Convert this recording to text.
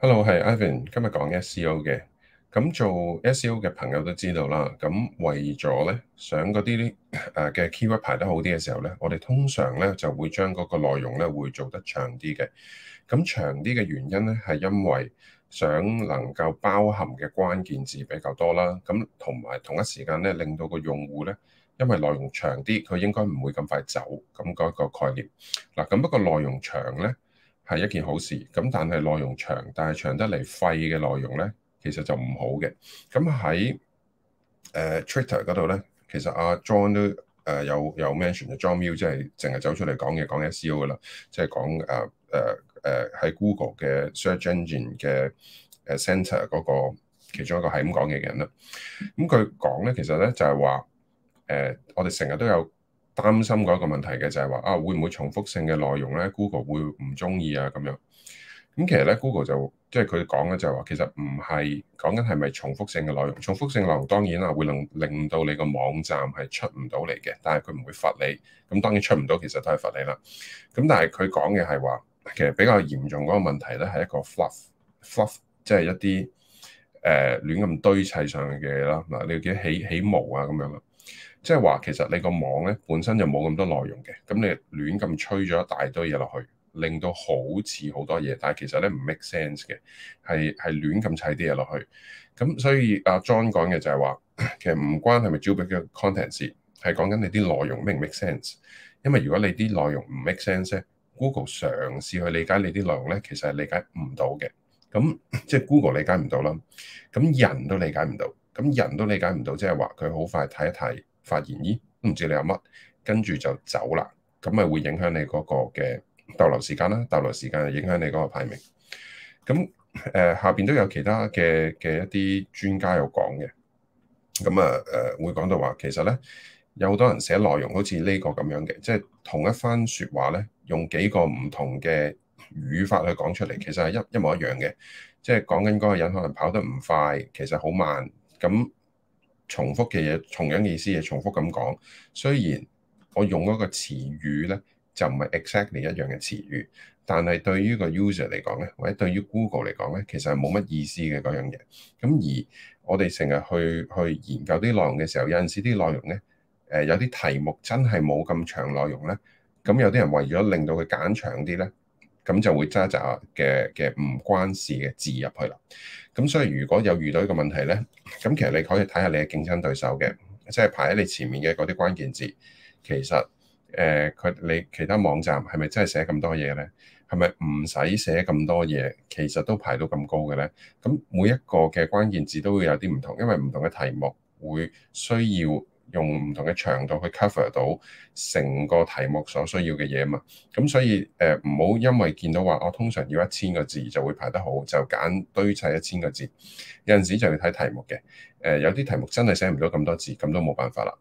Hello，係 Ivan。今日講 SEO 嘅，咁做 SEO 嘅朋友都知道啦。咁、嗯、為咗咧，想嗰啲誒嘅、呃、keyword 排得好啲嘅時候咧，我哋通常咧就會將嗰個內容咧會做得長啲嘅。咁、嗯、長啲嘅原因咧，係因為想能夠包含嘅關鍵字比較多啦。咁同埋同一時間咧，令到個用戶咧，因為內容長啲，佢應該唔會咁快走。咁、嗯、嗰、嗰個概念。嗱、嗯，咁不過內容長咧，係一件好事，咁但係內容長，但係長得嚟廢嘅內容咧，其實就唔好嘅。咁喺誒 Twitter 嗰度咧，其實阿、啊、John 都誒有有 mention 嘅，John Mueller 即係淨係走出嚟講嘢講 SEO 噶啦，即、就、係、是、講誒誒、呃、誒喺、呃、Google 嘅 search engine 嘅誒 centre 嗰個其中一個係咁講嘢嘅人啦。咁佢講咧，其實咧就係話誒，我哋成日都有擔心嗰一個問題嘅就係話啊，會唔會重複性嘅內容呢？Google 會唔中意啊？咁樣咁其實呢，Google 就即係佢講嘅就係、是、話其實唔係講緊係咪重複性嘅內容。重複性內容當然啊，會令令到你個網站係出唔到嚟嘅。但係佢唔會罰你。咁當然出唔到，其實都係罰你啦。咁但係佢講嘅係話，其實比較嚴重嗰個問題咧，係一個 fluff, fluff fluff，即係一啲誒、呃、亂咁堆砌上嚟嘅嘢啦。嗱，你要記得起起毛啊咁樣啦。即係話，其實你個網咧本身就冇咁多內容嘅，咁你亂咁吹咗一大堆嘢落去，令到好似好多嘢，但係其實咧唔 make sense 嘅，係係亂咁砌啲嘢落去。咁所以阿 John 講嘅就係話，其實唔關係咪 job 嘅 content，係講緊你啲內容 make 唔 make sense。因為如果你啲內容唔 make sense 咧，Google 嘗試去理解你啲內容咧，其實係理解唔到嘅。咁即係、就是、Google 理解唔到啦，咁人都理解唔到。咁人都理解唔到，即係話佢好快睇一睇，發現咦，唔知你有乜，跟住就走啦。咁咪會影響你嗰個嘅逗留時間啦，逗留時間影響你嗰個排名。咁誒下邊都有其他嘅嘅一啲專家有講嘅，咁啊誒會講到話，其實咧有好多人寫內容好似呢個咁樣嘅，即係同一番説話咧，用幾個唔同嘅語法去講出嚟，其實係一一模一樣嘅，即係講緊嗰個人可能跑得唔快，其實好慢。咁重複嘅嘢，同樣嘅意思嘅重複咁講。雖然我用嗰個詞語咧就唔係 exactly 一樣嘅詞語，但係對於個 user 嚟講咧，或者對於 Google 嚟講咧，其實係冇乜意思嘅嗰樣嘢。咁而我哋成日去去研究啲內容嘅時候，有陣時啲內容咧，誒有啲題目真係冇咁長內容咧。咁有啲人為咗令到佢揀長啲咧。咁就會揸揸嘅嘅唔關事嘅字入去啦。咁所以如果有遇到呢個問題呢，咁其實你可以睇下你嘅競爭對手嘅，即係排喺你前面嘅嗰啲關鍵字，其實誒佢呃你其他網站係咪真係寫咁多嘢呢？係咪唔使寫咁多嘢，其實都排到咁高嘅呢。咁每一個嘅關鍵字都會有啲唔同，因為唔同嘅題目會需要，用唔同嘅長度去 cover 到成個題目所需要嘅嘢嘛，咁所以誒唔好因為見到話我通常要一千個字就會排得好，就揀堆砌一千個字，有陣時就要睇題目嘅，誒、呃、有啲題目真係寫唔到咁多字，咁都冇辦法啦。